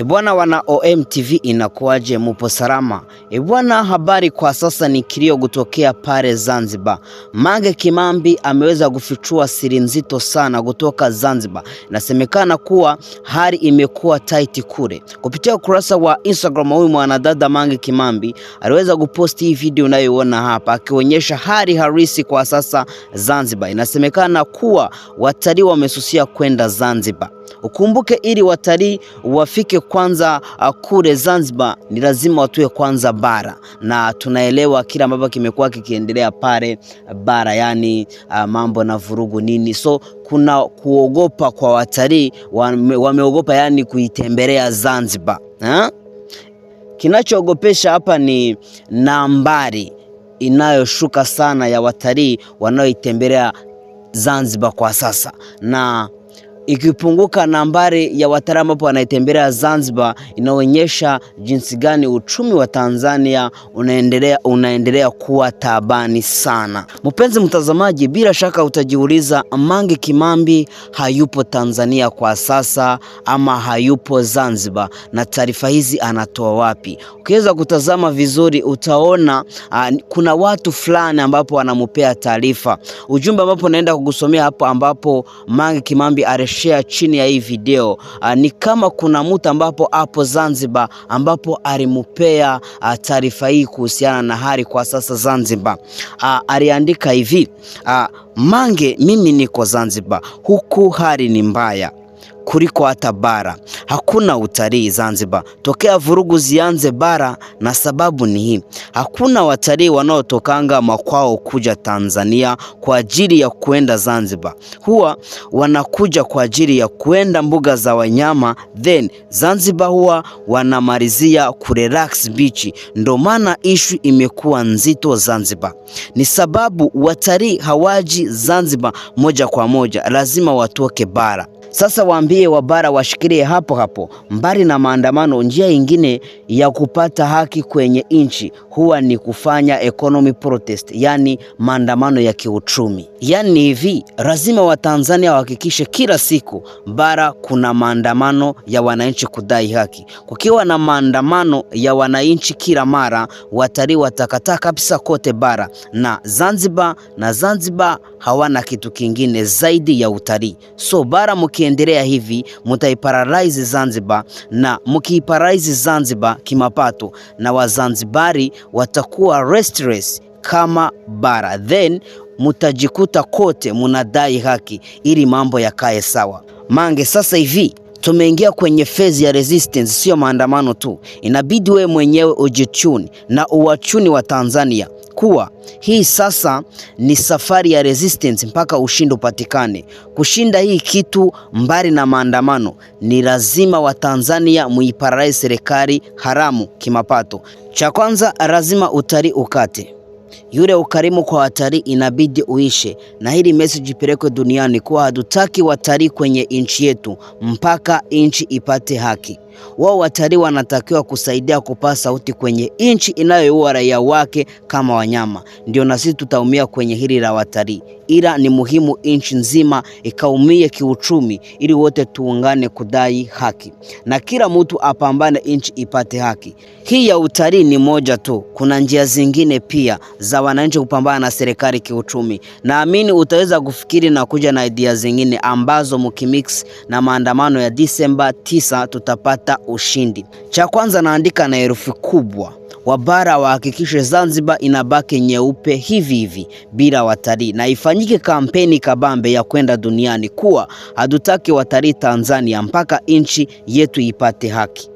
Ebwana, wana omtv inakuaje inakuwaje? Mupo salama? Ebwana, habari kwa sasa ni kilio kutokea pale Zanzibar. Mange Kimambi ameweza kufichua siri nzito sana kutoka Zanzibar. Inasemekana kuwa hali imekuwa tight kule. Kupitia ukurasa wa Instagram, huyu mwanadada Mange Kimambi aliweza kuposti hii video unayoona hapa, akionyesha hali halisi kwa sasa Zanzibar. Inasemekana kuwa watalii wamesusia kwenda Zanzibar. Ukumbuke, ili watalii wafike kwanza uh, kule Zanzibar ni lazima watue kwanza bara, na tunaelewa kila ambacho kimekuwa kikiendelea pale bara, yani uh, mambo na vurugu nini, so kuna kuogopa kwa watalii wame, wameogopa yani kuitembelea Zanzibar ha? Kinachoogopesha hapa ni nambari inayoshuka sana ya watalii wanaoitembelea Zanzibar kwa sasa na ikipunguka nambari ya watalii ambapo wanaitembelea Zanzibar inaonyesha jinsi gani uchumi wa Tanzania unaendelea, unaendelea kuwa tabani sana. Mpenzi mtazamaji, bila shaka utajiuliza Mange Kimambi hayupo Tanzania kwa sasa ama hayupo Zanzibar, na taarifa hizi anatoa wapi? Ukiweza kutazama vizuri utaona uh, kuna watu fulani ambapo wanamupea taarifa ujumbe ambapo naenda kukusomea hapo ambapo Mange Kimambi are share chini ya hii video. Uh, ni kama kuna mtu ambapo hapo Zanzibar ambapo alimupea uh, taarifa hii kuhusiana na hali kwa sasa Zanzibar. Uh, aliandika hivi uh, Mange, mimi niko Zanzibar, huku hali ni mbaya kuliko hata bara. Hakuna utalii Zanzibar tokea vurugu zianze bara, na sababu ni hii: hakuna watalii wanaotokanga makwao kuja Tanzania kwa ajili ya kuenda Zanzibar. Huwa wanakuja kwa ajili ya kuenda mbuga za wanyama, then Zanzibar huwa wanamalizia kurelax beach Ndo maana ishu imekuwa nzito Zanzibar. Ni sababu watalii hawaji Zanzibar moja kwa moja, lazima watoke bara. Sasa waambie wabara washikilie hapo hapo. Mbali na maandamano, njia ingine ya kupata haki kwenye nchi huwa ni kufanya economy protest, yani maandamano ya kiuchumi. Yani hivi lazima Watanzania wahakikishe kila siku bara kuna maandamano ya wananchi kudai haki. Kukiwa na maandamano ya wananchi kila mara, watalii watakataa kabisa kote bara na Zanzibar, na Zanzibar hawana kitu kingine zaidi ya utalii, so bara mk mkiendelea hivi mutaiparalize Zanzibar, na mkiiparalize Zanzibar kimapato, na Wazanzibari watakuwa restless kama bara, then mutajikuta kote munadai haki ili mambo yakae sawa. Mange, sasa hivi tumeingia kwenye phase ya resistance, sio maandamano tu. Inabidi we mwenyewe ujichuni na uwachuni wa Tanzania kuwa hii sasa ni safari ya resistance mpaka ushindi upatikane. Kushinda hii kitu, mbali na maandamano, ni lazima Watanzania muipararae serikali haramu kimapato. Cha kwanza, lazima utalii ukate yule ukarimu kwa watalii inabidi uishe, na hili message ipelekwe duniani kuwa hatutaki watalii kwenye nchi yetu mpaka nchi ipate haki wao watalii wanatakiwa kusaidia kupaa sauti kwenye nchi inayoua raia wake kama wanyama. Ndio na sisi tutaumia kwenye hili la watalii, ila ni muhimu nchi nzima ikaumie kiuchumi, ili wote tuungane kudai haki na kila mtu apambane, nchi ipate haki. Hii ya utalii ni moja tu, kuna njia zingine pia za wananchi kupambana na serikali kiuchumi. Naamini utaweza kufikiri na kuja na idea zingine ambazo mukimix na maandamano ya Disemba 9 tutapata kupata ushindi. Cha kwanza naandika na herufi kubwa, Wabara wahakikishe Zanzibar inabaki nyeupe hivi hivi bila watalii, na ifanyike kampeni kabambe ya kwenda duniani kuwa hatutaki watalii Tanzania mpaka nchi yetu ipate haki.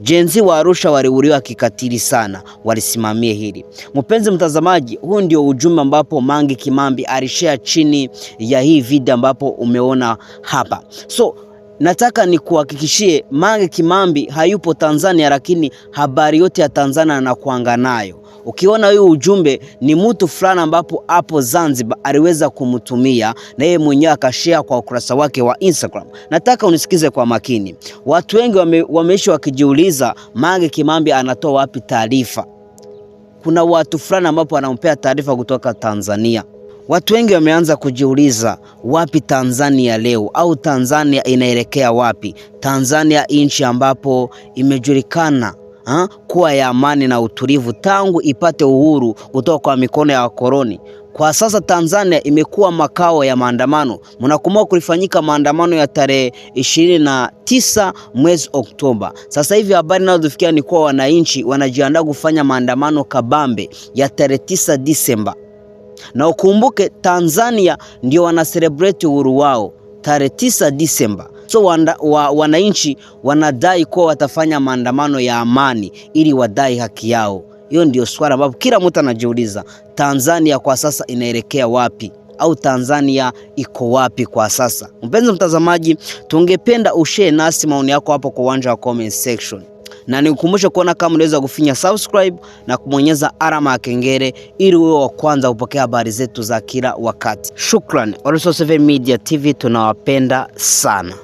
Jenzi wa Arusha waliuliwa kikatili sana, walisimamie hili. Mpenzi mtazamaji, huu ndio ujumbe ambapo Mange Kimambi alishare chini ya hii video ambapo umeona hapa so Nataka nikuhakikishie Mange Kimambi hayupo Tanzania, lakini habari yote ya Tanzania anakuanga nayo. Ukiona huyu ujumbe ni mtu fulani ambapo hapo Zanzibar aliweza kumtumia na yeye mwenyewe akashare kwa ukurasa wake wa Instagram. Nataka unisikize kwa makini. Watu wengi wame, wameishi wakijiuliza Mange Kimambi anatoa wapi taarifa. Kuna watu fulani ambapo anampea taarifa kutoka Tanzania. Watu wengi wameanza kujiuliza wapi Tanzania leo au Tanzania inaelekea wapi? Tanzania nchi ambapo imejulikana ha, kuwa ya amani na utulivu tangu ipate uhuru kutoka kwa mikono ya wakoloni. Kwa sasa Tanzania imekuwa makao ya maandamano. Mnakumbuka kulifanyika maandamano ya tarehe ishirini na tisa mwezi Oktoba. Sasa hivi habari inayotufikia ni kuwa wananchi wanajiandaa kufanya maandamano kabambe ya tarehe tisa Disemba na ukumbuke Tanzania ndio wana celebrate uhuru wao tarehe 9 Disemba. So wananchi wa, wanadai kuwa watafanya maandamano ya amani ili wadai haki yao. Hiyo ndio swala ambapo kila mtu anajiuliza, Tanzania kwa sasa inaelekea wapi? Au Tanzania iko wapi kwa sasa? Mpenzi mtazamaji, tungependa ushare nasi maoni yako hapo kwa uwanja wa comment section na nikukumbushe kuona kama unaweza kufinya subscribe na kumonyeza alama ya kengele ili uwe wa kwanza kupokea habari zetu za kila wakati. Shukran. Olivisoro7 Media TV tunawapenda sana.